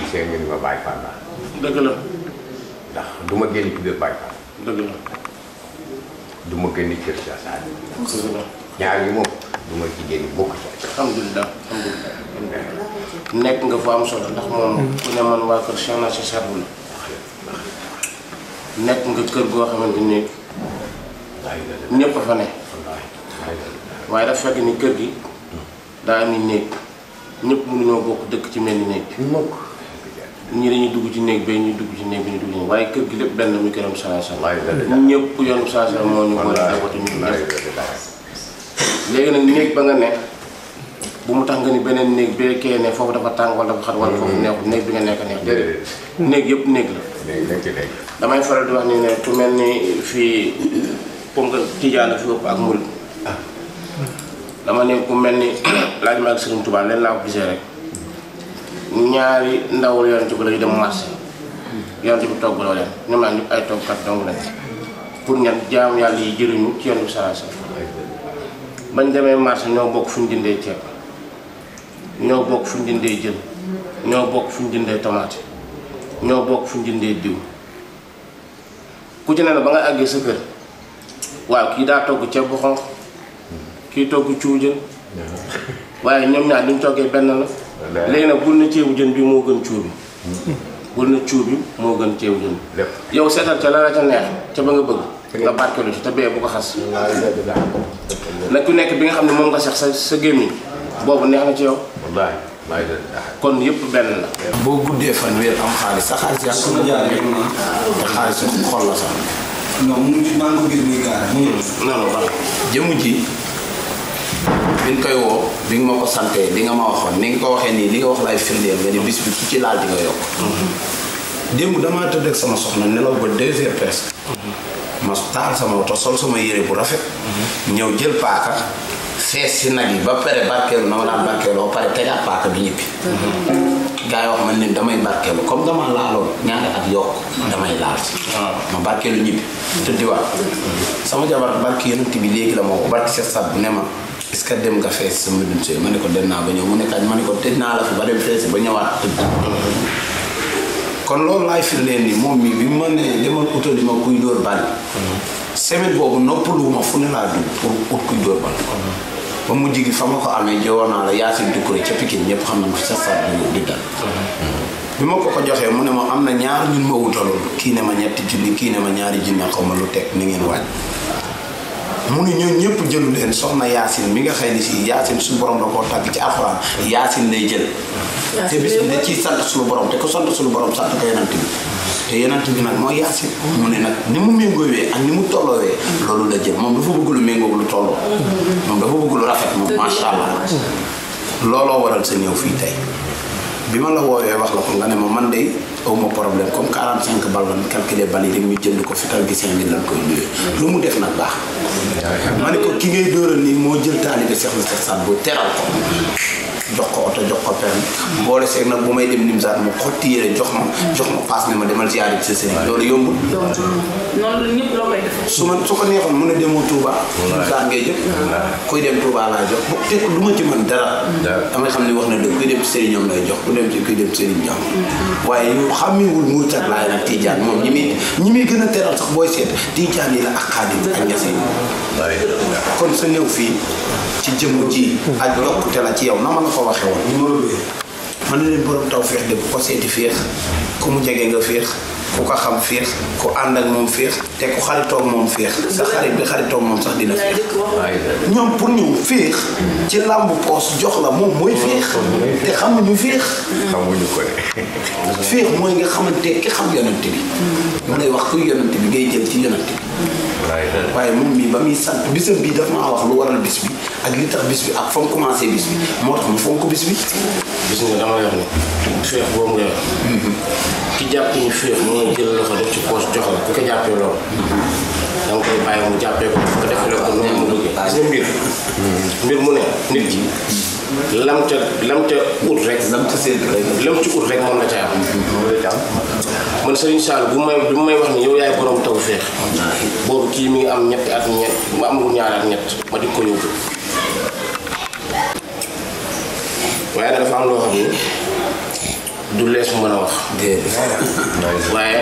gisee nga ni ma Baye dëgg la ndax ma génn ci biir Baye Fall dëgg la kër sa saali yi nekk nga fa am solo ndax moom ku ne man waa kër Cheikh Nassir Sadou la nekk nga kër goo xamante ni ñëpp fa ne waaye kër gi daa am ni néeg bokk dëkk ci mel ni néeg ñi dañuy dugg ci néeg ba ñuy dugg ci néeg bi ñu dugg ci waaye kër gi lépp benn muy këram ñëpp yoonu saa saa moo ñu boole ba nga nekk bu mu tax nga ni beneen néeg bee ne foofu dafa tàng wala dafa mm-hmm. néeg bi nga nekk neex néeg yëpp néeg la damay faral di wax ni ne ku mel ni fii ponk tijaan la fi ëpp ak murit ah. dama ne ku mel ni laaj ma ak Sëriñ Tuubaa leen laa ko gisee rek ñaari ndaw la yonent bi la ñu dem marché yonent bi togg loo leen ay toggkat dong pour ñan jaam yàlla yi jëriñu ci yonent demee marché ñoo bokk fu jëndee ceeb ñoo bokk fu ñu jëndee bokk fu jëndee tomate ñoo bokk fu ñu jëndee na ba nga àggee daa togg ceeb bu xonq kii togg cuujën waaye ñoom ñaar duñ toggee benn la léegi nag bul na ceebu jën bi moo gën cuubi hmm. bul na cuubi moo gën ceebu jën bi yow seetal ca la la ca neex ca ba nga bëgg nga barkelu ci te bee bu ko xas nag ku nekk bi nga xam ne moom nga sax sa sa gémmiñ boobu neex na ci yow kon yëpp benn la. boo guddee fanweer am xaalis sa xaalis yaa ngi ko jaaree te xaalis xol la sax. non mu ngi maa ngi ko gis muy ji. bi nga koy woo bi nga ma ko santee li nga ma waxoon ni nga ko waxee nii li nga wax laay firndeel nga ni bis bi ku ci laal di nga yokk démb damaa tëdd ak sama soxna nelaw ba deux heures presque ma sol sama yére bu rafet ñëw jël paaka fees si nag yi ba pare barkeelu na ma daan barkeeloo pare tegaat paaka bi ñibbi gaa yi ma man leen damay barkeelu comme dama laaloon ñaari at yokk damay laal si ah. ma barkeelu ñibbi tëddiwaat sama jabar barke yonent bi léegi la ma woo barke set sat bu ne ma est-ce que dem nga fees sama dund sooy ma ne ko dem naa ba ñëw mu ne kañ ma ne ko tëj naa la fi ba dem fees ba ñëwaat tëdd kon loolu laay firndeel ni moom mi bi ma ne demal utali ma kuy dóor bal fu ne laa dugg ba mujj gi fa ma ko amee jowoon la Yacine Doucouré ca Pikine ñëpp xam nañ ko sa sar di dal bi ma ko ko joxee mu ne ma am na ñaar ñun ma wutaloon kii ne ma ñetti junni kii ne ma ñaari junni xaw ma lu teg ni ngeen waaj mu ni ñooñu ñëpp jëlu leen soxna yaasin mi nga xay ni si yaasin suñu borom da koo tàgg ci alxuraan yaasin lay jël te bis bi da ciy sant suñu borom te ko sant suñu borom sant ko yenant bi te yenant bi nag mooy yaasin mu ne nag ni mu méngoowee ak ni mu tolloowee loolu la jël moom dafa bëgg lu lu tolloo moom dafa bëgg lu moom macha allah looloo waral sa ñëw fii tey bi ma la woowee wax la ko nga ne ma man de aw ma problème comme 45 bal lan calculer bal yi dañuy jënd ko fital gi 5000 lan koy luwee. lu mu def nag baax. ma ne ko ki ngay dóoral nii moo jël taalibe Cheikh Moustapha Sarr bu teral ko. jox ko oto jox ko permis boole seeg nag bu may dem Nimzaat mu xotti yére jox ma jox ma paas ne ma demal ziyaare ci sa sëriñ loolu yombul su ma su ko mën a demoo Touba Nimzaat ngay jëm kuy dem Touba laa jox ma ci dara damay xam ne wax na dëgg kuy dem ci lay jox ku dem ci kuy dem sëriñ jox waaye yow xàmmeewul muy tat laay nag Tijaan moom ñi mi ñi muy gën a teral sax booy seet Tijaan yi la ak xaadim ak ñaseen kon sa néew fii ci jëmm ji ak yokkute la ci yow na la ko ko waxee woon numéro bi mën na leen borom taw féex de bu ko seeti féex ku mu jege nga féex ku ko xam féex ku ànd ak moom feex te ku xaritoog moom féex sa xarit bi xaritoog moom sax dina féex ñoom pour ñu féex ci làmb poos jox la moom mooy féex te xamuñu féex xamuñu ko de féex mooy nga xamante ki xam yonante bi mu lay wax kuy yonante bi ngay jël ci yonante bi waaye moom mii ba muy sant bisam bi daf maa wax lu waral bis bi ak li tax bis bi ak fa mu commencé bis bi moo tax mu fonk bis bi. gis nga dama wax ni féex boobu nga wax. Mhm. ki ko jàppee loolu. Mhm. da koy bàyyi mu jàppee ko ko defee ko noonu mu duggee. gis mbir. Mhm. mbir mu ne nit ki. lam ca lam ca ut rek. lam ca séntu rek lam ci ut rek mën na caa man Serigne Sall bu may bu may wax ni yow yaay borom taw féex. boobu kii mi am ñetti at ñett ma amul ñaar ak ñett ma di ko yóbbu. waaye nag dafa am loo xam du lees mën a wax. waaye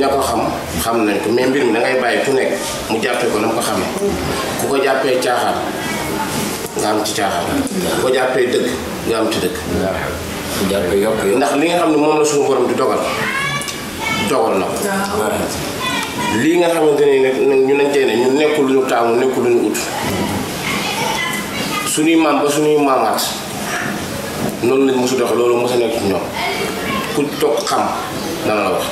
ña ko xam xam nañ mais mbir mi da ngay bàyyi ku nekk mu jàppee ko na mu ko xamee. ku ko jàppee caaxaan. nga am ci caaxaan ko jàppee dëgg nga am ci dëgg ndax li nga xam ne moom la suñu borom di dogal dogal na ko lii nga xamante ni nag ñu nañ tey ne ñu nekkul lu ñu taamu nekkul lu ñu ut suñuy maam ba suñuy maamaat noonu lañ mosu doxe loolu mosa nekk ci ku toog xam dana la wax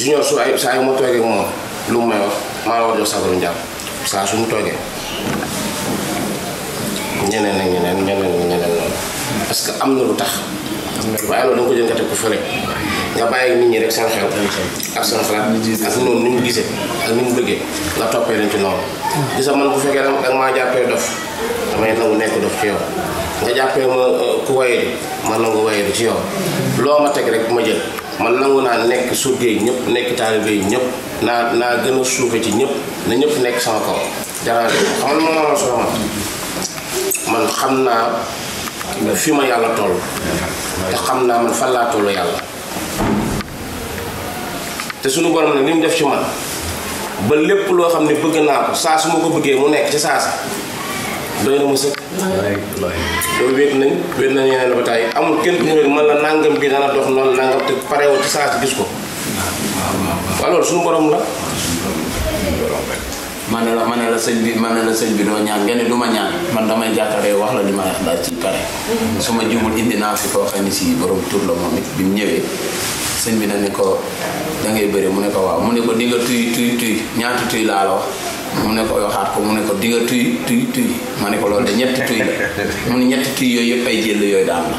junior su ay saa yu ma toogee moom lu may wax maa la war jox sabaru njàpp saa su mu toogee ñeneen ak ñeneen ñeneen ak ñeneen noonu parce que am na lu tax waaye loolu da nga ko jël nga teg ko fële nga bàyyi nit ñi rek seen xew ak seen xalaat ak noonu ni ñu gisee ak ni mu bëggee nga toppee leen ci noonu gisa man bu fekkee danga maa jàppee dof damay nangu nekk dof ci yow nga jàppee ma euh, ku wayeedu man nangu wayeedu ci yow loo ma teg rek ma jël man nangu naa nekk surgé yi ñëpp nekk taalibe yi ñëpp naa naa gën a suufe ci ñëpp na ñëpp nekk sama kaw jarale xamal ma ma soxna man xam naa fi ma yàlla toll te xam naa man fan laa toll yàlla te sunu borom nag ni mu def ci man ba lépp loo xam ne bëgg naa ko saa su ma ko bëggee mu nekk ci saa si doy na mu sëkk loolu wéet nañ wéet nañ yeneen ba tàyyi amul kenn ku ne man la nàngam bi dana dox noonu nàngam te pareewul ci saa si gis ko waaw loolu sunu borom la manela la man la señ bi manela la señ bi do ñaan gene duma ñaan man damay jaatale wax la dima wax da ci pare suma jumul indi na ci ko xani ci si borom tour la momit it bi mu ñëwee señ bi ne ko da ngay bëre mu ne ko waaw mu ne ko di nga tuy tuy tuy ñaata tuy la la wax mu ne ko waxaat ko mu ne ko di nga tuy tuy tuy ma ne ko lool de ñetti tuy la mu ne ñetti tuy yoy yep ay jël yoy daal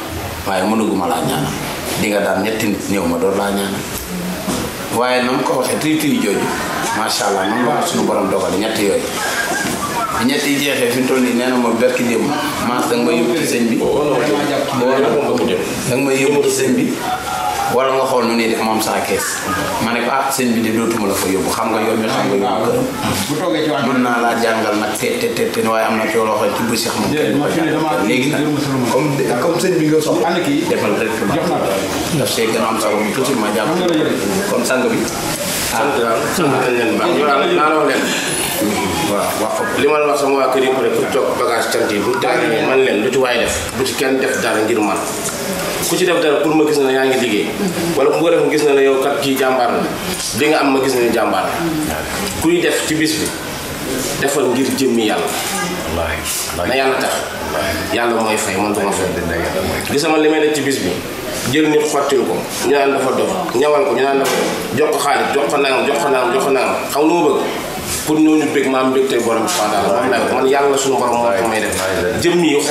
la mu mënuguma laa ñaanal di nga daan ñetti nit ñëw ma door laa ñaanal waaye nam ko waxe tuy tuy jooju Masya allah noonu la suñu borom dogal ñett yooyu ñett yi jeexee fi toll nii nee na ma berki jëm maas da ma yóbbu ci sëñ bi da nga ma yóbbu ci sëñ bi wala nga xool nu nii def moom saa kees ma ne ko ah sëñ bi de dootuma la fa yóbbu xam nga yóbbu xam nga yóbbu këram mën naa laa jàngal nag te te te te waaye am ci loo xam ci bu seex moom kenn ko comme comme sëñ bi nga soxla defal rek daf see gën a am solo mu ma jàpp comme sang bi sant daal sant nañ leen li ma la wax sama waa kër yi man leen lu ci waay def bu ci kenn def dara ngir man ku ci def dara pour ma gis na ne yaa ngi liggéey wala ku ko def ma gis na yow kat kii jàmbaar la li nga am ma gis na ne jàmbaar la kuy def ci bis bi defal ngir jëmmi yàlla na yàlla tax yàlla mooy fay man duma fay gis sama li may ci bis bi jël nit xottil ko ñu naan dafa dof ñawal ko ñu naan dafa jox ko xaalis jox ko nangam jox ko nangam jox ko pour ñooñu bég ma am mbégte borom subhanahu yàlla suñu borom moo ko may def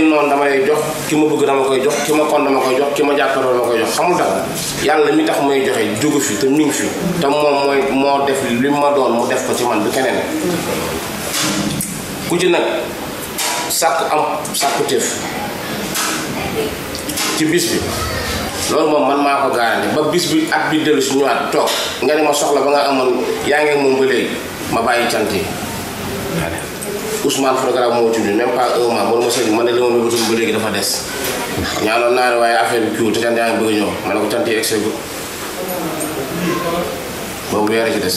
noon dama jox ki ma bëgg dama koy jox ki ma kon dama koy ki ma jàkkaaroo dama koy jox xamul tax yàlla mi tax may joxe jógu fi te mi ngi fi te moom mooy moo def li ma doon mu def ci man du keneen ci nag sàkk am sàkku téef ci bis bi loolu moom man maa ko garanti ba bis bi at bi dellu si ñëwaat toog nga ne ma soxla ba nga amoon yaa ngi moom ba léegi ma bàyyi cant Ousmane programme moo tudd même pas un mois man ma sëñ ma ne li ma mënatul ba léegi dafa des ñaanoon naa ne waaye affaire bi kiiwul te cant yaa ngi bëgg ñëw ma ne ko cant yi egg seegul boobu weer ci des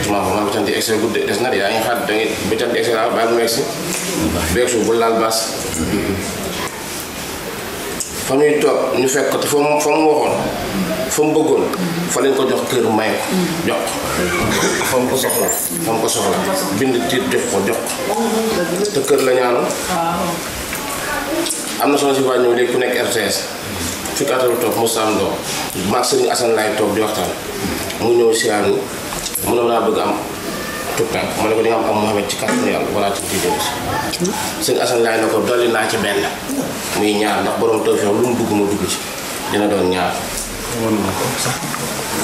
Ousmane ko man ko cant yi egg seegul des na de yaa ngi xaar da ngeen bi cant egg seegul baa ngi mu egg si beeg bu laal baas fa ñuy toog ñu fekk te fa mu fa mu waxoon fa mu bëggoon fa lañ ko jox kër may ko jox fa mu ko soxla fa mu ko soxla bind tiit def ko jox te kër la ñaanoon am na solo si wàññiw léegi ku nekk RTS fi toog mu saam doom maag sëñ laay toog di waxtaan mu ñëw siyaanu mu ne ma naa bëgg am tout à fait ko di nga am am Mouhamed ci kàttanu yàlla balaa tuuti jëm si. sëñ Assane Ndiaye ne ko dolli naa ci benn. muy ñaar ndax borom tawfeex lu mu dugg ma dugg ci dina doon ñaar. woon na ko sax.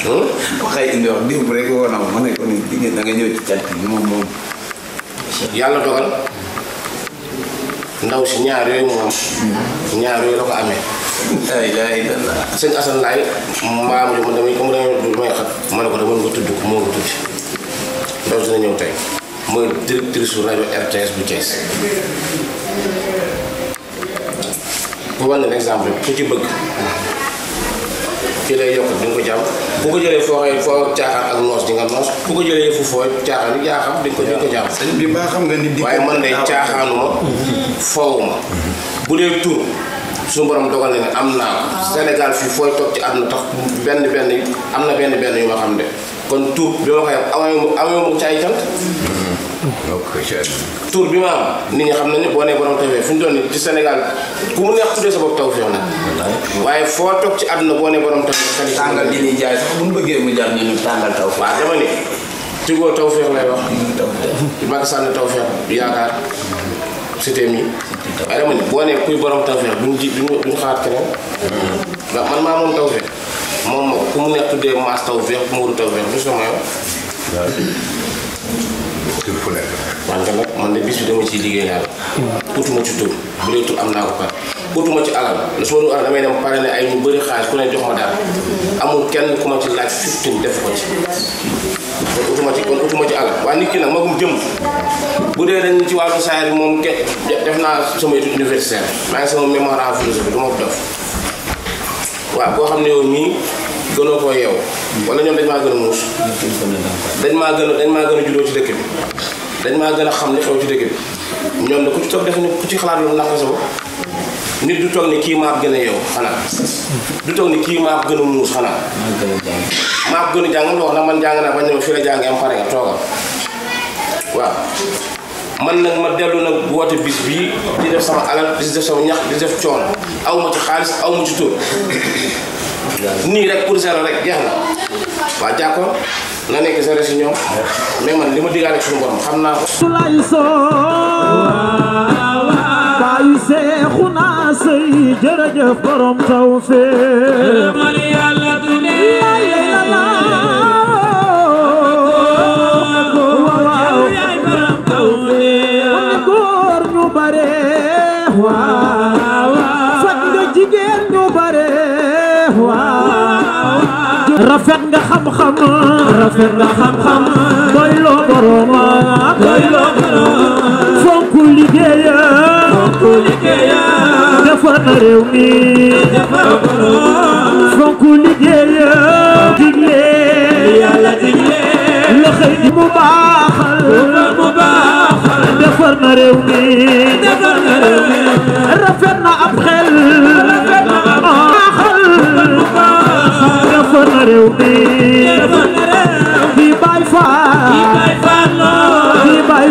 Hmm? xëy indi wax démb rek woon yàlla dogal ndaw si ñaar yooyu moom. Hmm. ñaar yooyu la ko amee. ay laay sëñ Assane Ndiaye ma ko dama nga tudd ko moo ko tudd. loolu dina ñëw tey mooy directrice su bu Thiès pour wane exemple ku ci bëgg ci lay yokk di ko jàpp bu ko jëlee foo xëy foo caaxaan ak noos di nga noos bu ko jëlee fu foo caaxaan yaa xam di ko di nga ko jàpp. sëñ bi baa xam nga ni. waaye man de caaxaanu ma foowu ma bu dee tur. suñu borom dogal na ne am naa ah. Sénégal fii fooy toog ci àdduna tax benn benn am na benn benn yu ma xam ne kon tuub bi ma koy am amee mu caay cant mm-hmm. tuur bi ma am nit ñi xam nañu boo nee borom tawfeex fi ñu doon ci Sénégal ku mu neex tuddee sa bopp ci àdduna boo nee borom tawfeex tàngal li ñuy jaay sax bu ñu bëggee mu jar ñu tàngal tawfeex waaw dama tigoo tawfeex lay wax mm-hmm, Macky Sall tawfeex yaakaar mm-hmm. cité mi waaye dama ne boo nee kuy borom tawfeex duñ ji duñ xaar keneen man maa moom tawfeex moom ku mu nekk tuddee maas taw feex mu wut taw feex du sama yoon. nag man de bis bi dama ci am naa ko ci alal la su ma dul ay ñu bëri xaalis ku amul kenn ci ko ci. kon utuma ci kon ci alal waaye nit ki nag magum jëm bu dee dañ ci wàllu saa moom kenn def naa sama étude universitaire maa ngi sama mémoire en philosophie du ma ko def. waaw koo xam ne yow mii gënoo koo yeew wala ñoom dañ maa gën a muus dañ maa gën a dañ maa gën a juddoo ci dëkk bi dañ maa gën a xam li xew ci dëkk bi ñoom na ku def ni ku ci xalaat nit du toog ni kii maab gën a yeew xanaa du toog ni kii maab gën a muus xanaa maab gën a jàng la wax na man jàng naa ba ne ma fii la jàng am pare nga toogal waaw man nag ma dellu nag woote bis bii di def sama alal di def sama ñax di def coon aw ma ci xaalis aw ma ci tur nii rek pour zéro rek jeex na waa jàkkoon na nekk zéro si ñoom mais man li ma digaale suñu borom xam naa ko lay soo kaayu seexu naa sëy jërëjëf xam-xam rafet na xam-xam doyloo borooma doyloo borooma fonku liggéeya fonku liggéeya defar na réew mi defar borooma fonku liggéeya digle yàlla digle la xëy di mu baaxal mu baaxal defar na réew mi defar na réew mi rafet na ab xel rafet na ab xel defar na réew mi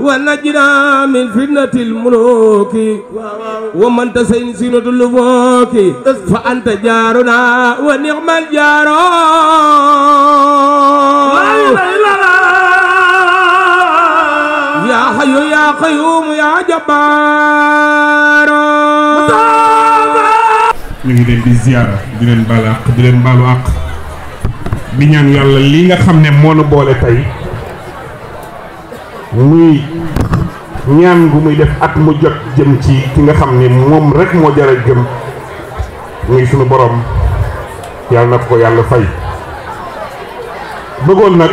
ونجنا من فتنة الملوك ومن تسين سينة اللفوك فأنت جارنا ونعم الجار يا حي يا قيوم يا جبار نجدين بزيارة دينين بالاق دينين بالاق بنيان يالله لينا خمنا مونو بولتاي muy ñaan gu muy def at mu jot jëm ci ki nga xam ni moom rek moo jar a jëm muy sunu borom yàlla na ko yàlla fay bëggoon nag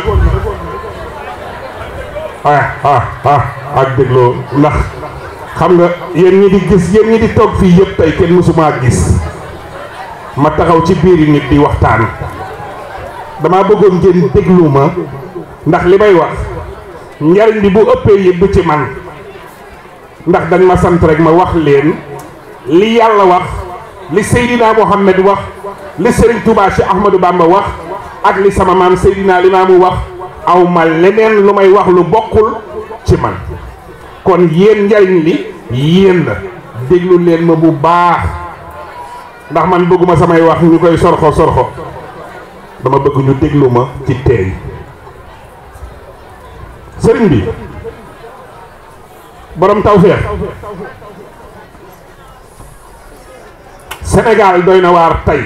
ah ah ah ak dégloo ndax xam nga yéen ñi di gis yéen ñi di toog fii yëpp tey kenn mësumaa gis ma taxaw ci biir nit di waxtaan damaa bëggoon ngeen déglu ma ndax li may wax njariñ bi bu uppe yeb ci man ndax dañ ma sant rek ma wax leen li yalla wax li sayyidina muhammad wax li Serigne Touba ci Ahmadou Bamba wax ak li sama mam sayyidina limamu wax aw ma leneen lu may wax lu bokul ci man kon yen njariñ li yeen la deglu leen ma bu baax ndax man bëgguma samay wax ñukoy sorxo sorxo dama bëgg ñu déglu ma ci téy sëriñ bi boroom tawféex Sénégal doy na waar tey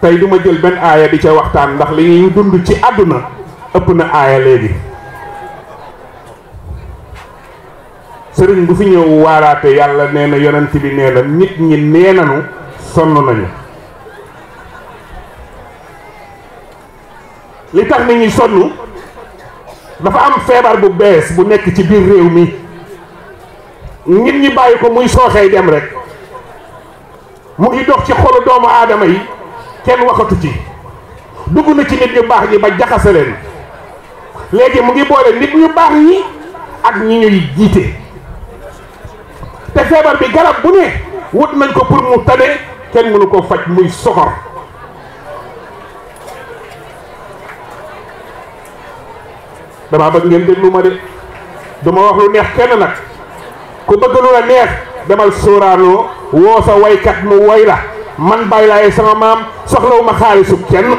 tey du ma jël benn aaya di ca waxtaan ndax li ñuy dund ci àdduna ëpp na aaya léegi sëriñ bu fi ñëw waaraate yàlla nee na yonent bi nee na nit ñi nee nañu sonn nañu li tax nit ñi sonn dafa am feebar bu bees bu nekk ci biir réew mi nit ñi bàyyi ko muy sooxee dem rek mu ngi dox ci xolu doomu aadama yi kenn waxatu ci dugg na ci nit ñu baax ñi ba jaxase leen léegi mu ngi boole nit ñu baax ñi ak ñu ñuy jiite te feebar bi garab bu ne wut nañ ko pour mu tane kenn mënu ko faj muy soxor damaa bëgg ngeen déglu ma de du wax lu neex kenn nag ku bëgg lu la neex demal sóoraanoo woo sa waykat mu woy la man bàyyi laay sama maam soxlawuma xaalisu kenn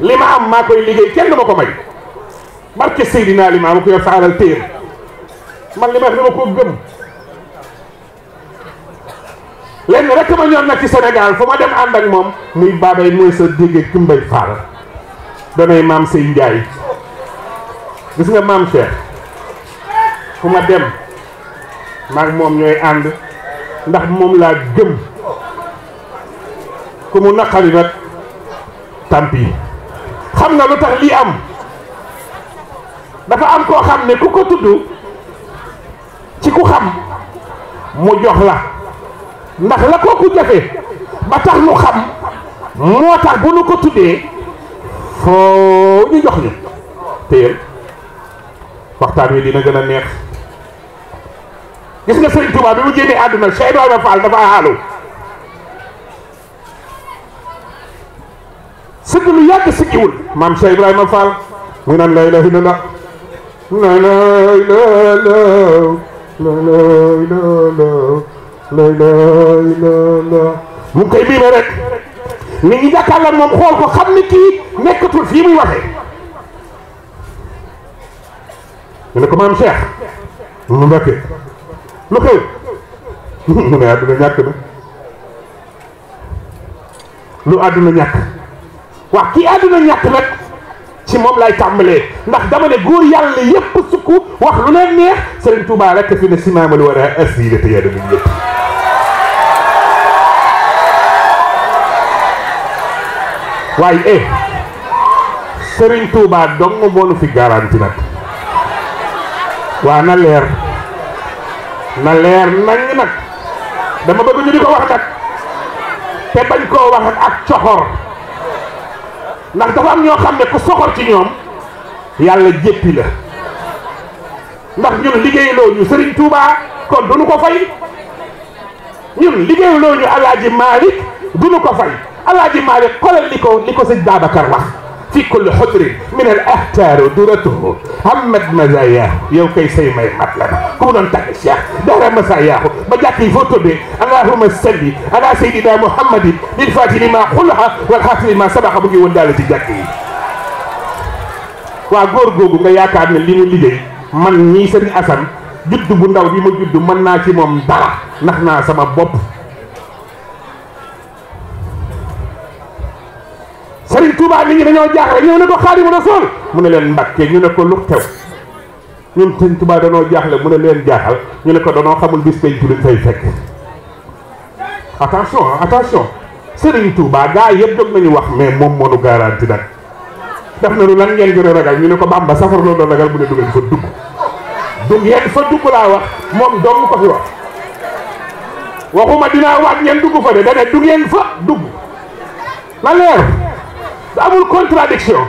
li ma am maa koy liggéey kenn du ma ko may barke Seydina li ma am ko yor sa man li ma wax dama ko gëm lenn rek ma ñor nag ci Sénégal fu ma dem ànd ak moom muy baabay mooy sa dégg kumbay faal danay maam say njaay gis nga maam Cheikh fu ma dem maag moom ñooy ànd ndax moom laa gëm ku mu naqari nag tampi xam nga lu tax lii am dafa am koo xam ne ku ko tudd ci ku xam mu jox la ndax la kooku jafe ba tax nu xam moo tax bu nu ko tuddee foo ñu jox ñu téyel waxtaan wi dina gën a neex gis nga sëñ tuba bi mu génnee àdduna Cheikh Ibrahima faal dafa aalu sëgg lu yàgg siggiwul maam Cheikh Ibrahima faal mu naan la ilaha illallah la la la la la la la la la la la la mu ngi koy biime rek nit ñi jàkkaarloo moom xool ko xam ni kii nekkatul fii muy waxee ñu ne ko maam Cheikh mu ne Mbacke lu xew mu ne àdduna ñàkk na lu àdduna ñàkk wax kii àdduna ñàkk nag ci moom lay tàmbalee ndax dama ne góor yàlla yépp sukk wax lu leen neex Serigne Touba rek fi ne simaamal war a assuré te yaa demul yëpp. waaye eh Serigne Touba dong fi garanti nag. waa na leer na leer nañ nag dama bëgg ñu di ko wax nag te bañ koo wax ak coxor ndax dafa am ñoo xam ne ku soxor ci ñoom yàlla jéppi la ndax ñun liggéeyloo ñu Serigne Touba kon duñu ko fay ñun liggéeyloo ñu Alaaji Malick duñu ko fay Alaaji Malick xoolal li ko li ko sëñ Babacar wax في كل حجر من الاحتار دورته عمد مزاياه يو كي سي ما مطلب كون انت الشيخ دهر مزاياه بجاك يفوتو بي اللهم صل على سيدنا محمد للفاتح لما خلها والحافظ لما سبق بجي وندالتي جاكي waa góor googu nga yaakaar ne li ñu liggéey man ñii sëriñ Assane judd bu ndaw bi ma judd mën naa ci moom dara nax naa sama bopp Touba nit dañoo jaaxle ñëw ne ko Xaadimu Rasuul mu ne leen Mbàkke ñu ne ko lu xew ñun sëñ Touba dañoo jaaxle mu ne leen jaaxal ñu ne ko dañoo xamul bis fay fekk attention attention Sëriñ gaa yëpp jóg nañu wax mais moom garanti nag def na lu lan ngeen gën a ragal ñu ne ko Bàmba safar loolu doon ragal mu ne du fa dugg du ngeen fa dugg laa wax moom dong ko fi wax waxuma dinaa waat ngeen dugg fa de fa dugg la leer amul contradiction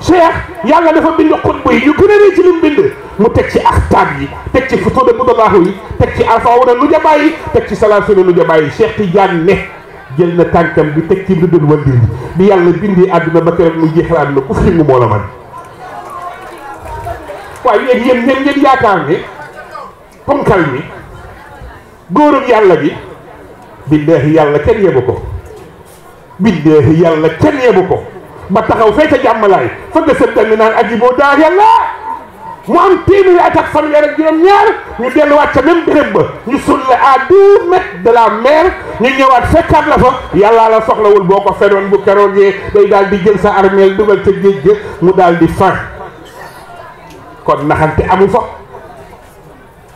cheikh yàlla dafa bind xutb yi ñu gën a rëy ci lim bind mu teg ci axtaab yi teg ci futuuda budalaahu yi teg ci alfawu na lu jabaay yi teg ci salaafina lu jabaay yi ti Tidiane ne jël na tànkam bi teg ci riddul wal dindi bi yàlla bindee àdduna ba keroog muy jeexal àdduna ku fi mu moo la man waaye léegi yéen ñeen ngeen yaakaar ne ponkal mi góorum yàlla bi billaahi yàlla kenn yebu ko billaahi yàlla kenn yebu ko ba taxaw fee ca jàmmalaay fëgg sëb tamit naan aji boo daar yàlla mu am téeméeri at ak fanweer ak juróom-ñaar ñu delluwaat ca même béréb ba ñu suul la à de la mer ñu ñëwaat fekkaat la fa yàllaa la soxlawul boo ko fenoon bu keroogee day daal di jël sa armeel dugal ca géej ga mu daal di far kon naxante amu fa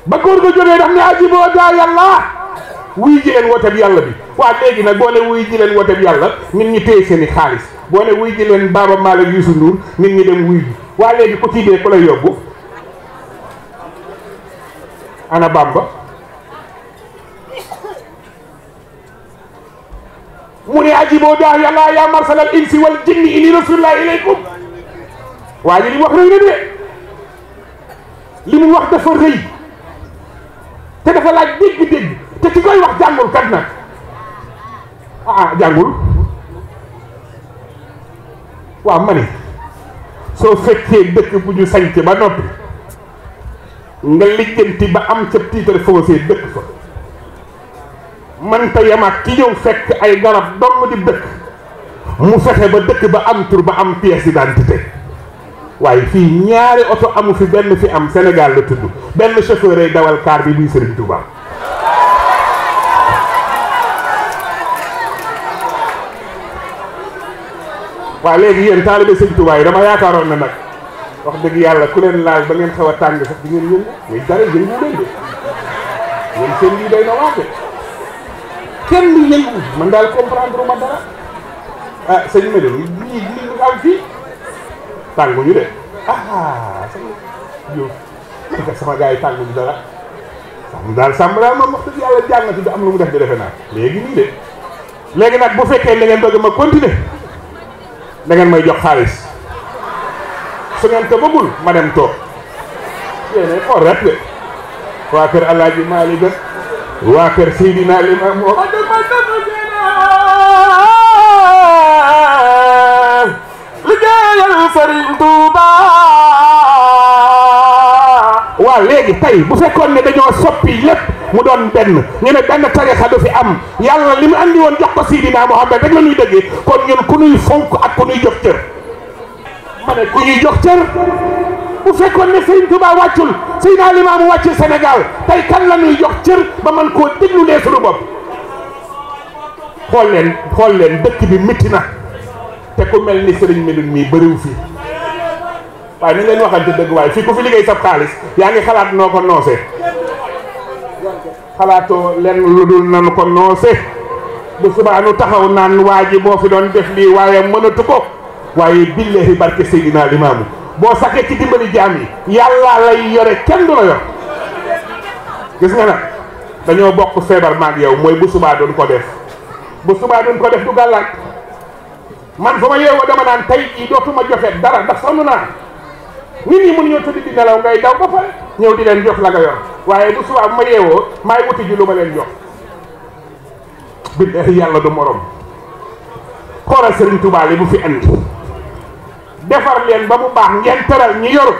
ba góor ga jógee daf ne aji boo yàlla wuy ji leen wote bi yàlla bi waaw léegi nag boo ne wuy ji leen wote bi yàlla nit ñi téye seen i xaalis boo ne wuy ji leen Baaba Maal ak Youssou Ndour nit ñi dem wuy ji waa léegi ku ci dee ku lay yóbbu ana Bamba mu ne ajiboo daa yàlla yaa marsal al insi wal jinni inni rasulullah ilaykum waa ji li mu wax rëy na de li mu wax dafa rëy te dafa laaj dégg-dégg te ki koy wax jàngul kat nag ah jàngul waaw ma ne soo fekkee dëkk bu ñu sañc ba noppi nga lijjanti ba am ca titre foncier dëkk fa man te yamaat ki ñëw fekk ay garab dong di dëkk mu fexe ba dëkk ba am tur ba am pièce d'identité waaye fii ñaari oto amu fi benn fi am senegal la tudd benn chauffeur ay dawal car bi muy Serigne Touba. waaw léegi yéen taalibe sëñ Tuubaa dama yaakaaroon na nag wax dëgg yàlla ku leen laaj ba ngeen xaw a tàng sax di ngeen yëngu muy dara yëngu leen seen lii day na waate kenn lu yëngu man daal comprendre ma dara ah sëñ Médé lii lii ah, sama dara sàmm daal sàmm daal moom wax yàlla jàng na am lu mu def di defe naa léegi nii de léegi nag bu fekkee da ngeen bëgg continuer da ngeen may jox xaalis su ngeen ko bëggul ma dem toog yéene xool rek de waa kër alaaji waa kër moo liggéeyal Sëriñ Tuuba waa léegi tey bu fekkoon mu doon benn ñu ne benn tarixa du fi am yàlla li mu andi woon jox ko Sidina Muhammad rek la ñuy dëggee kon ñun ku ñuy fonk ak ku ñuy jox cër ma ku ñuy jox cër bu fekkoon ne Serigne Touba wàccul Seydina Limaamu wàccul Sénégal tey kan la ñuy jox cër ba man koo déglu lee bopp xool leen xool leen dëkk bi métti na te ku mel ni sëriñ Medoune mii bëriwu fii waaye ni leen waxante dëgg waaye fii ku fi liggéey sab xaalis yaa ngi xalaat noo ko noosee xalaato len lu nan nanu ko noose bu subaa nu taxaw nan waji bo fi don def li waye meunatu ko waye billahi barke Seydina imam bo saxee ci dimbali jami yalla lay yore kenn dula yor gis nga na dañu bokk feebar maag yow moy bu suba don ko def bu suba don ko def du man fuma ma dama nan tay ci dotuma joxe dara ndax sonn nit ñi mën ñoo tëdd di nelaw ngay daw ba pare ñëw di leen jox la nga yor waaye bu subaa bu ma yeewoo maay wuti ji lu ma leen jox billahi yàlla du morom xoolal sëriñ Tuubaa li bu fi andi defar leen ba mu baax ngeen teral ñi yor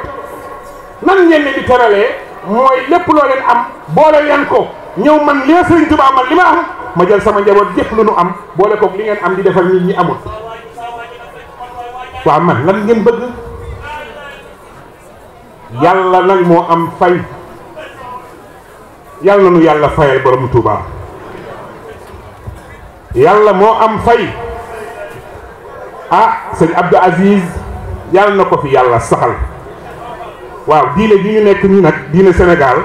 nan ngeen ne di tëralee mooy lépp loo am boole leen ko ñëw man li sëriñ Tuubaa man li ma am ma jël sama njaboot yëpp lu nu am boole koog li ngeen am di defar nit ñi amut waaw man lan ngeen bëgg yàlla nag moo am fay yàlla na nu yàlla fayal boroomu Touba yàlla moo am fay ah sëñ Abdou Aziz yàlla na ko fi yàlla saxal waaw diine ji ñu nekk nii nag diine Sénégal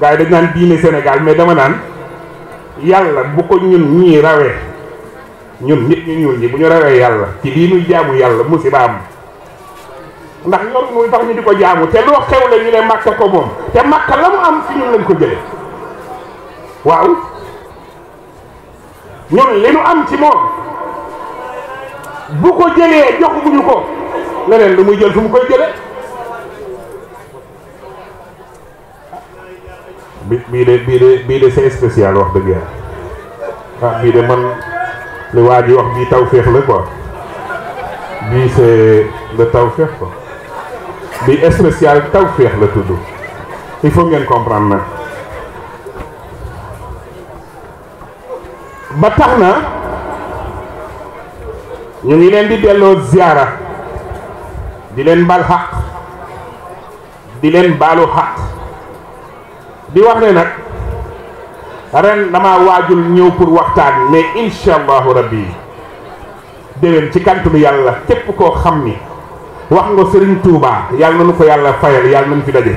gars yi dañ naan diine Sénégal mais dama naan yàlla bu ko ñun ñii rawee ñun nit ñu ñuul ñi bu ñu rawee yàlla ci lii nuy jaamu yàlla musiba am ndax yoon muy tax ñu di ko jaamu te loo xew la ñu ne ko moom te màkka la mu am fi ñun lañ ko jële waaw ñun li am ci moom bu ko jëlee joxuñu ko leneen lu muy jël fu mu koy jële bi bii de bii de bii de wax dëgg yàlla ah bii de man li waa ji wax bii taw féex la quoi bii c'est le taw féex ko bi spécial tawfiq la tuddu il faut ngeen comprendre nag ba tax na ñu ngi leen di delloo ziara di leen bal xaq di leen baalu xaq di wax ne nag ren dama waajul ñëw pour waxtaan mais incha allahu rabbi déwén ci kantulu yàlla képp koo xam ni wax nga serigne touba yal nañu ko yalla fayal yal nañu fi dajé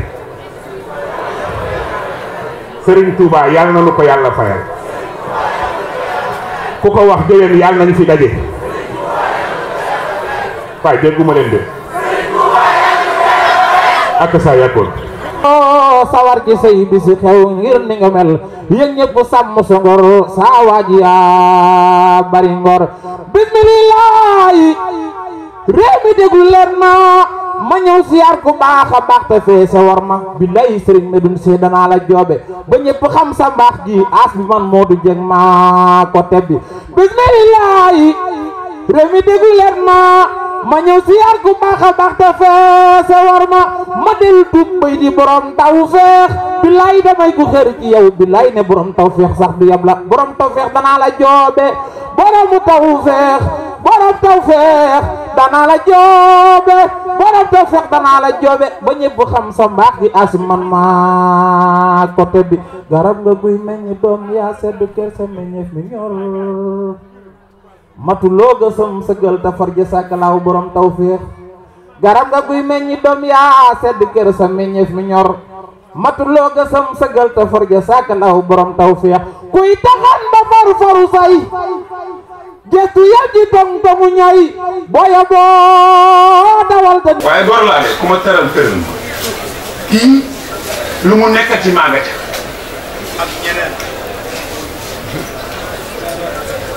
serigne touba yal nañu ko yalla fayal ku ko wax deen yal nañu fi dajé fay deguma len de ak sa yakul o oh, sawar ci sey bi ci xew ngir ni nga mel yeen ñepp sam so ngor sa waji ya bari ngor bismillah réew mi déglu leen ma ma ñëw siyaar ku baax a baax te fee sa ma billaay sëriñ Medoune Seye danaa la joobe ba ñëpp xam sa mbaax gi as bi man moo du jeg ma ko tebbi bismillaahi réew mi déglu leen ma menyusiar ku maha bakta fe sewarma medil bumbai di tau fe bilai damai ku kerji ya bilai ne tau fe sak dia blak tau fe dan ala jobe fe borong tau fe dan ala jobe tau fe dan ala jobe banyak bukan sembah di asman mak kote bi garam gabu menye ya sedekir semenye minyor matuloo gësëm sëgal tafar ji sàkkalaaw borom tawféex garab nga guy meññi doom yaa sedd kër sa meññeef mi ñor matuloo gësëm sëgal tafar ji sàkkalaaw borom tawféex kuy taxan ba faru faru say gëstu yal ji dong dongu ñay booya boo dawal te waaye gor laa de ku ma tëral tëral kii lu mu nekkati maa nga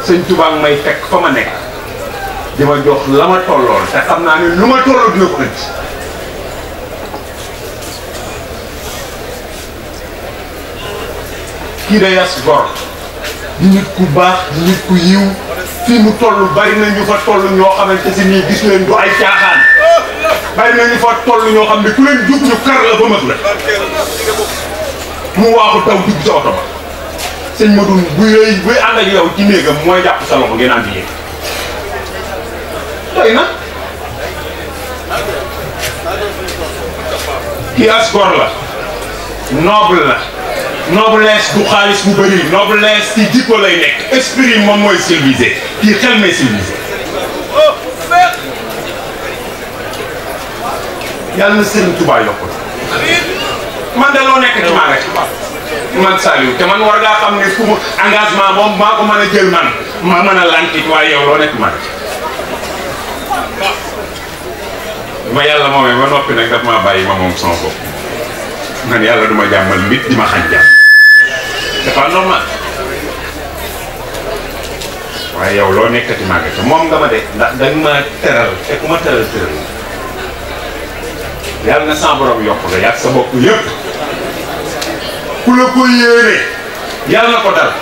sëñ Tuubaa may teg fa ma nekk di ma jox la ma tolloon te xam naa ne lu ma tolloo dina ko ënt kii day as gor di nit ku baax di nit ku yiw fii mu toll bari na ñu fa toll ñoo xamante si nii gis leen du ay caaxaan bari na ñu fa toll ñoo xam ne ku leen jub ñu kar la ba mag la mu waaxu taw dugg ci oto ba sëñ Madoum buy rëy buy ànd ak yow ci mooy jàpp sa loxo ngeen ànd yéen doy na kii as gor la noble la noblesse du xaalis bu bëri noblesse ci jikko lay nekk esprit yi moom mooy civilisé kii xel may civilisé yàlla na sëñ Touba yokk man de loo nekk ci maa rek man Saliou te man war ngaa xam ne ku mu engagement moom maa ko mën a jël man ma mën a lantit waaye yow loo nekk man ma yàlla moomee moom sama yàlla du ma jàmmal waaye yow loo nekkati maa ngi moom nga ma de ndax dañ teral te ku ma teral teral yàlla na sa borom yokk la yàgg sa bopp yëpp la ko yéene yàlla na ko dal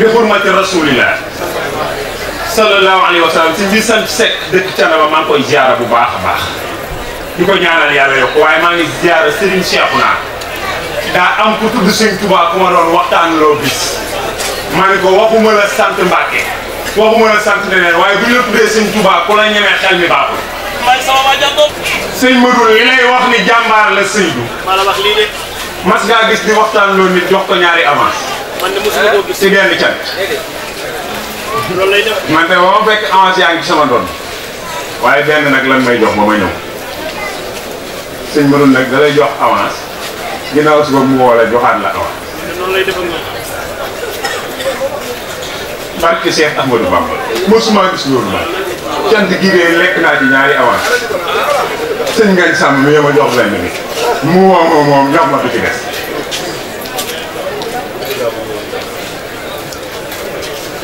bi xurmati rasulillah sallallahu alayhi wa sallam si ngir sant Seck dëkk Canaba maa ngi koy bu baax a baax di ko ñaanal yàlla yokk waaye maa ngi ziara Serigne Cheikhouna daa am ku tudd Serigne Touba ku ma doon waxtaan loo bis maa ngi ko waxuma la sant Mbàkke waxuma la sant neneen waaye bu la tuddee Serigne Touba ku la ñemee xel mi baaxul sëñ Madou li lay wax ni jàmbaar la Seydou maa la wax lii mas nga gis ni waxtan lo nit jox ko ñaari avance. man de mosuma ko gis ci ben can. loolu lay def. man de ba ma fekk avance yaa sama doon waaye benn nag lan may jox ma ma ñëw sëñ mënul nak da lay jox avance ginaaw ginnaaw suba mu wolé joxat la avance. noonu lay def ak barke Cheikh Ahmadou Bamba musuma gis loolu ma cant gi de lekk naa ci ñaari avance sëñ ngañ sàmm mi ma jox lenn bi mu moom moom moom jox ma bi ci des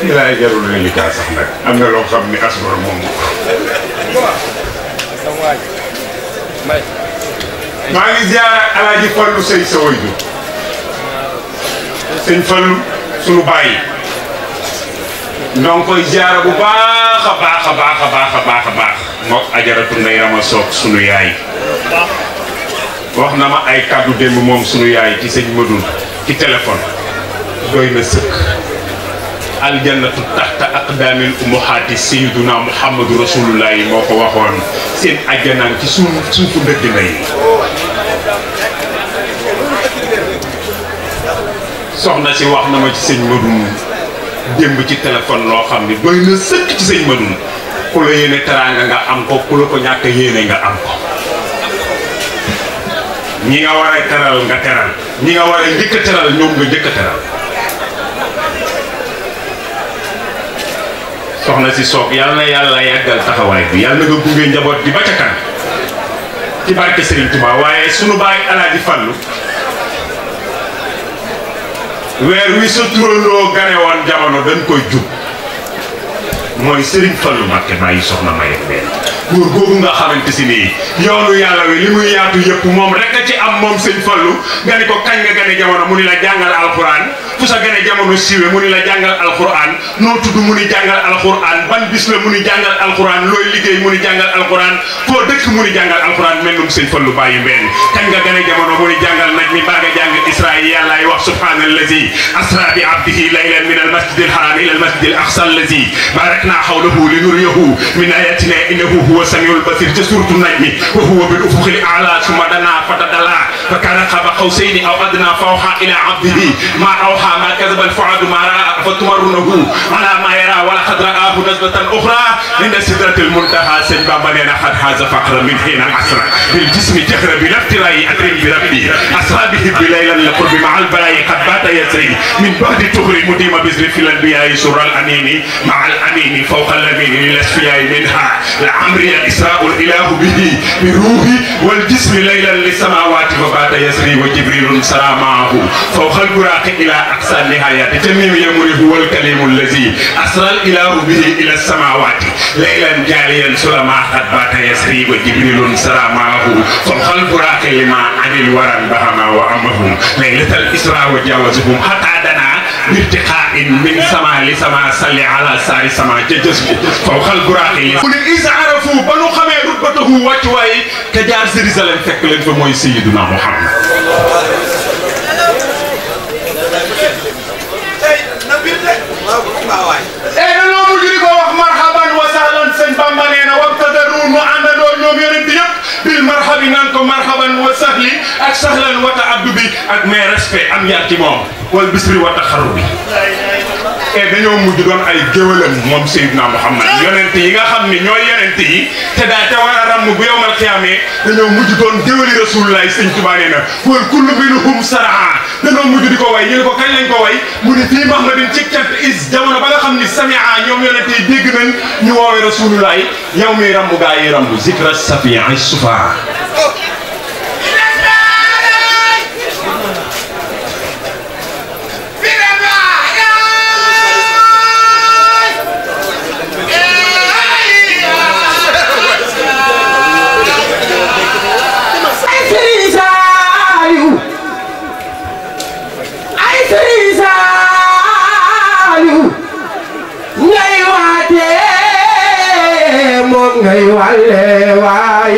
li laay jarul li li sax nag am na loo xam ni asura moom maa ngi ziara alaaji Fallu sëy sa way ju sëñ Fallu sunu bàyyi noo ngi koy ziara bu baax a baax a baax a baax a baax mook ajaratu nday rama soog sunu yaay wax na ma ay kàddu démb moom sunu yaay ci sëñ Madun ci téléphone doy na sëkk aljannatu taxta aqdaamil ummahaati sayyiduna muhammadu rasulullah yi moo ko waxoon seen ajjanaan ci suuf suufu ndëgg na soxna si wax na ma ci sëñ Madun démb ci téléphone loo xam ne doy na sëkk ci sëñ Madun ku la yéene teraanga nga am ko ku la ko ñàkk yéene nga am ko ñi nga war a teral nga teral ñi nga war a njëkk a teral ñoom nga njëkk teral soxna si soog yàlla na yàlla yàggal taxawaay bi yàlla nga gunge njaboot bi ba ca kan ci barke Serigne Touba waaye sunu baay Alaaji Fallu weer wi sa turandoo gane woon jamono dañ koy jub mooy Serigne Fallou ma bàyyi soxna Maye Mbène góor googu nga xamante si nii yoonu yàlla wi li muy yaatu yëpp moom rek a ci am moom sëñ Fallu nga ni ko kañ nga gane jamono mu ni la jàngal alquran fu sa gane jamono siiwe mu ni la jàngal alquran noo tudd mu ni jàngal alquran ban bis la mu ni jàngal alquran looy liggéey mu ni jàngal alquran foo dëkk mu ni jàngal alquran mel num sëñ Fallu bàyyi benn kañ nga gane jamono mu ni jàngal naj mi baa nga jàng israil yàllaay wax subhaana allazi asra bi abdihi laylan min al masjid al haram ila al masjid al aqsa allazi barakna hawlahu linuriyahu min ayatina innahu huwa هو سميع البصير جسورة النجم وهو بالأفق الأعلى ثم دنا فتدلى فكان قاب قوسين أو أدنى فأوحى إلى عبده ما أوحى ما كذب الفؤاد ما رأى فتمرنه على ما يرى ولقد رآه نزلة أخرى عند سدرة المنتهى سن بابا لنا قد حاز فقرا من حين العصر بالجسم جهر بلا ابتلاء ادري بربي أسرى به بليلا لقرب مع البلاء قد بات يسري من بعد تغري مديم بزر في الأنبياء سر الأنين مع الأنين فوق الأمين للأسفياء منها لعمري الإسراء الإله به بروحه والجسم ليلا للسماوات وبات يسري وجبريل سرى معه فوق البراق إلى أقصى النهاية تتميم يمره هو الكلم الذي أسرى الإله به إلى السماوات ليلا جاليا سلما قد بات يسري وجبريل سرى معه فوق البراق لما عن الورى بهما وأمهم ليلة الإسراء وجاوزهم حتى دنا بارتقاء من سماء لسماء صلي على سار سماء جسم فوق البراق قل إذا عرفوا بنو خمي رتبته وجواي كجار زرزلم فكلن فموي سيدنا محمد إيه، مرحبا وسهلا li ko wax marhaban wa sahlan sëñ bamba مرحبا نانتو مرحبا وسهلي اك سهلا وتا عبدو بي اك مي ريسبي ام يار موم وال بسري وتا خروبي اي دانيو مود دون اي جيولم موم سيدنا محمد يوننت ييغا خامني نيو يوننت يي تدا تا وارا رام بو يوم القيامه دانيو مود دون جيولي رسول الله سيدنا تبارك الله كل منهم سرعا دانيو مود ديكو واي نيو كو كاج لنجو واي مود في محمد بن تشيكت از دونا بالا خامني سمعا نيوم يوننت يي ديغ نان ني ووي رسول الله يوم رام غاي رام ذكر السفيع السفاح ngay wàlle waay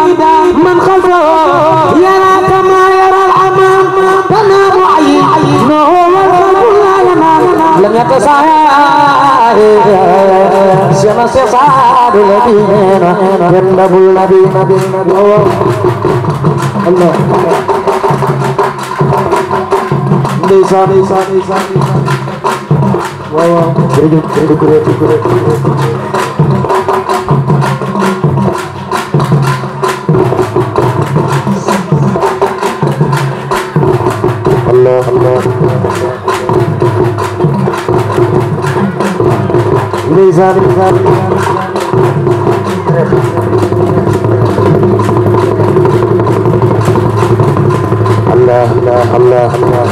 siamo sesadu labina bendabul labina nabi Allah desa desa Nisa nisa wow wow kredit kredit kredit kredit đi ra đi ra đi Allah Allah Allah Allah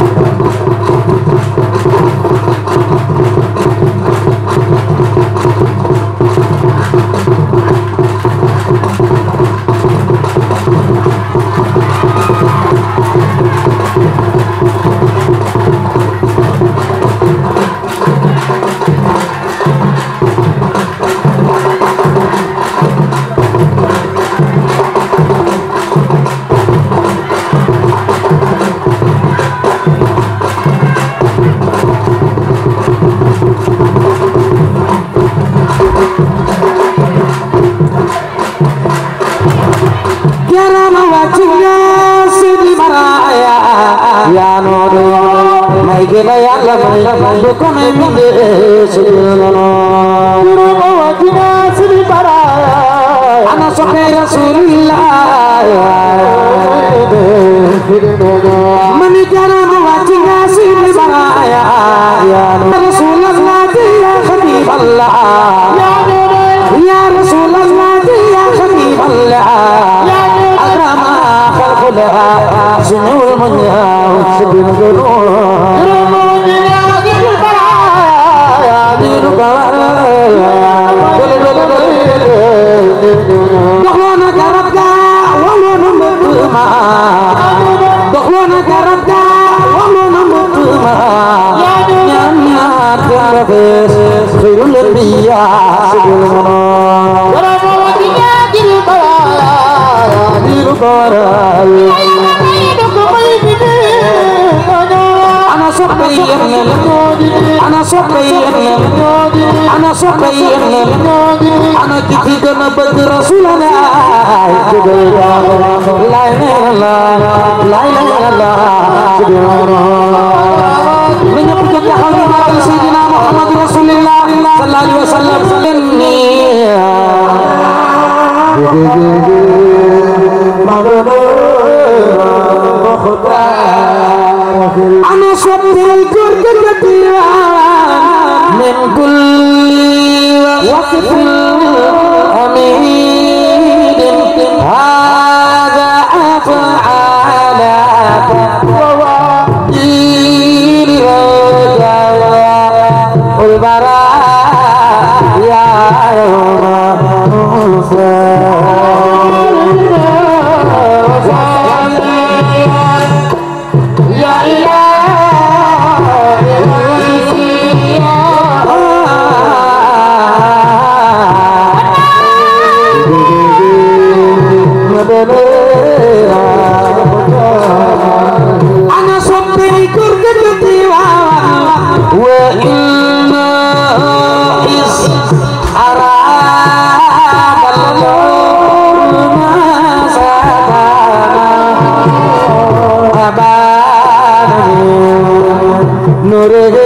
ana soqayeen leen ana ki ci gën a bëgg rasulana lay la lay la na ñëpp ko taxaw ñu magal sayyidina muhammad rasulillah sallallahu alayhi wa sallam ana soppal góor كل وصف حميد রে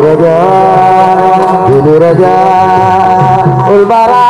Raja, Dulu Raja, Ulbara.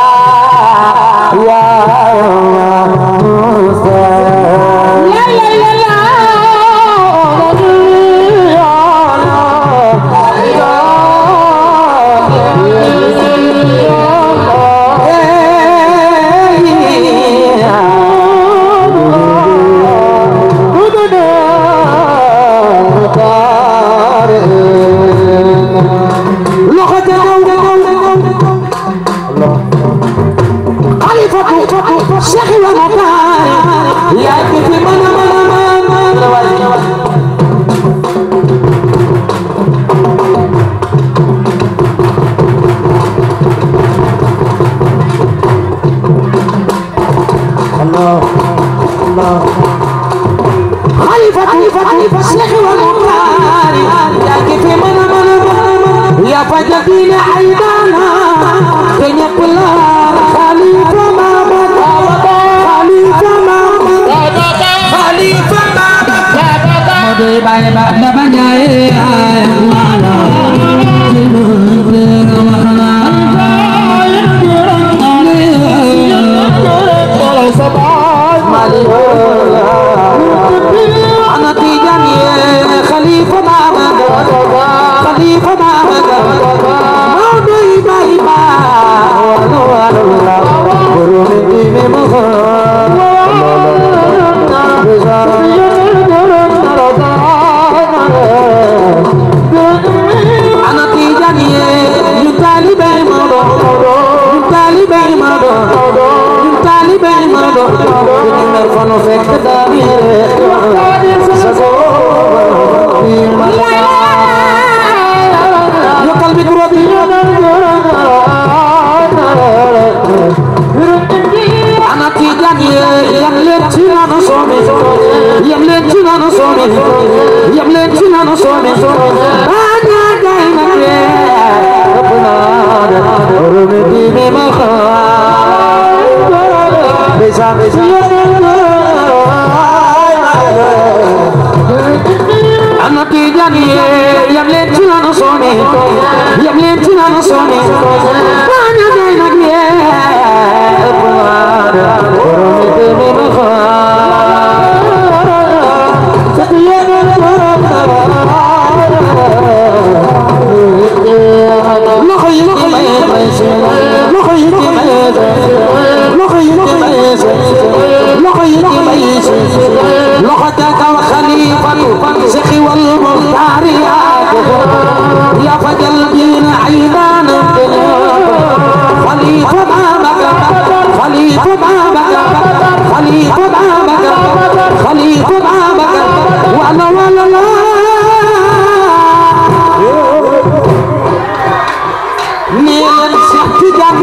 time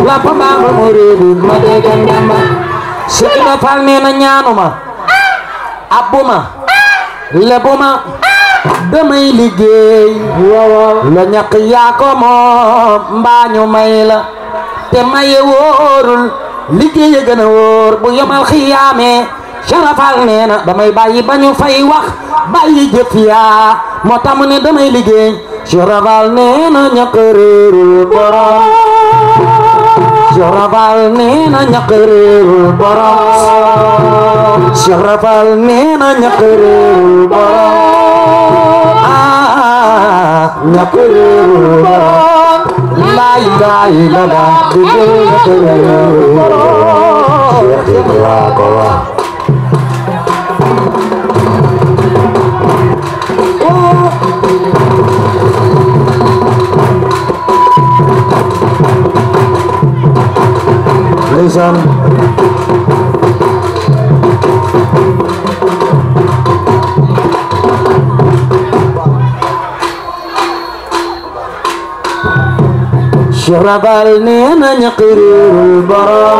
lappa maa ma mu réeru ma déggan demba si ma fal nee na ñaanuma abuma lebuma damay liggéey la ñàkk yaa moom mbaa ñu te maye wóorul liggéey a gën a bu yomal xiyaamee Ibra Fall nee na damay bàyyi ba fay wax bàyyi jëf yaa moo tax mu damay liggéey Ibra Fall nee na ñàkk réerul borom Ibra Fall nee na na ñàkk réerul borom ah ñàkk réerul borom laay laay la la di ñàkk réerul borom Listen. شرب النين يقر البرى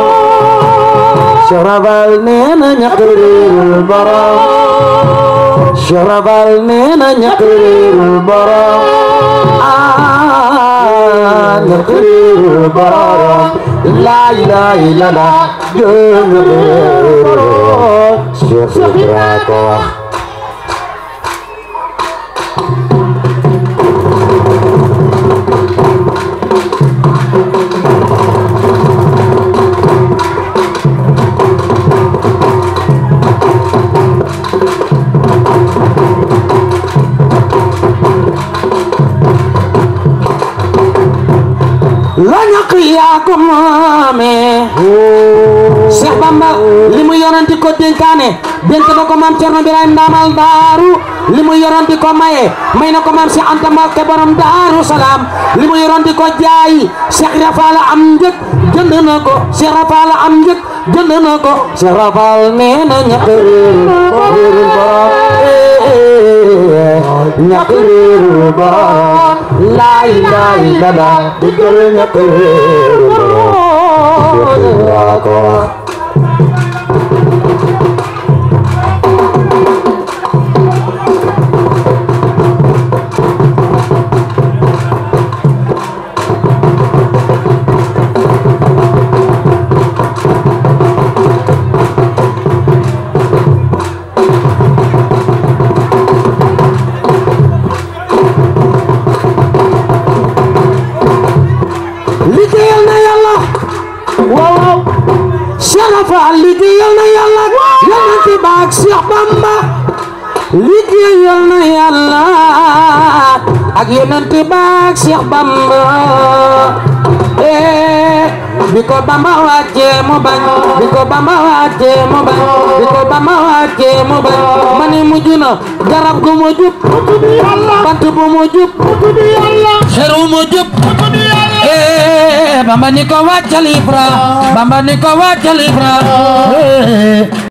Cheikh Raval nee na ñàkk réerul borom Cheikh Raval nee na ñàkk réerul borom ah ñàkk réerul borom laay laay la la gën a réerul Cheikh Ibra ko wax aku mame, Cheikh oh. Bamba limu yoranti ko dénkaane dénk na ko maam Cerno Birahim Ndamal Daaru li mu yoroon ko maye mayna ko mam Cheikh Anta Mbakke borom daru salam limu yoranti ko jaayi Cheikh Rafal am njëg jënd nako Cheikh Rafal am njëg jënd na Cheikh Rafal nee na ñàkk réeru réeru borom ñàkk réeru borom laay laay dada dëggal ñàkk Bhagavad bamba liggéeyal na yalla ak yonent baak Cheikh bamba eh biko bamba wàccee mo bañ biko bamba wàccee mo bañ biko bamba wàccee mo bañ mani mujuna garab gu mo djup bant bu mu jub xeru djup eh bamba ni ko wàccal Ibra bamba ni ko eh. Ibra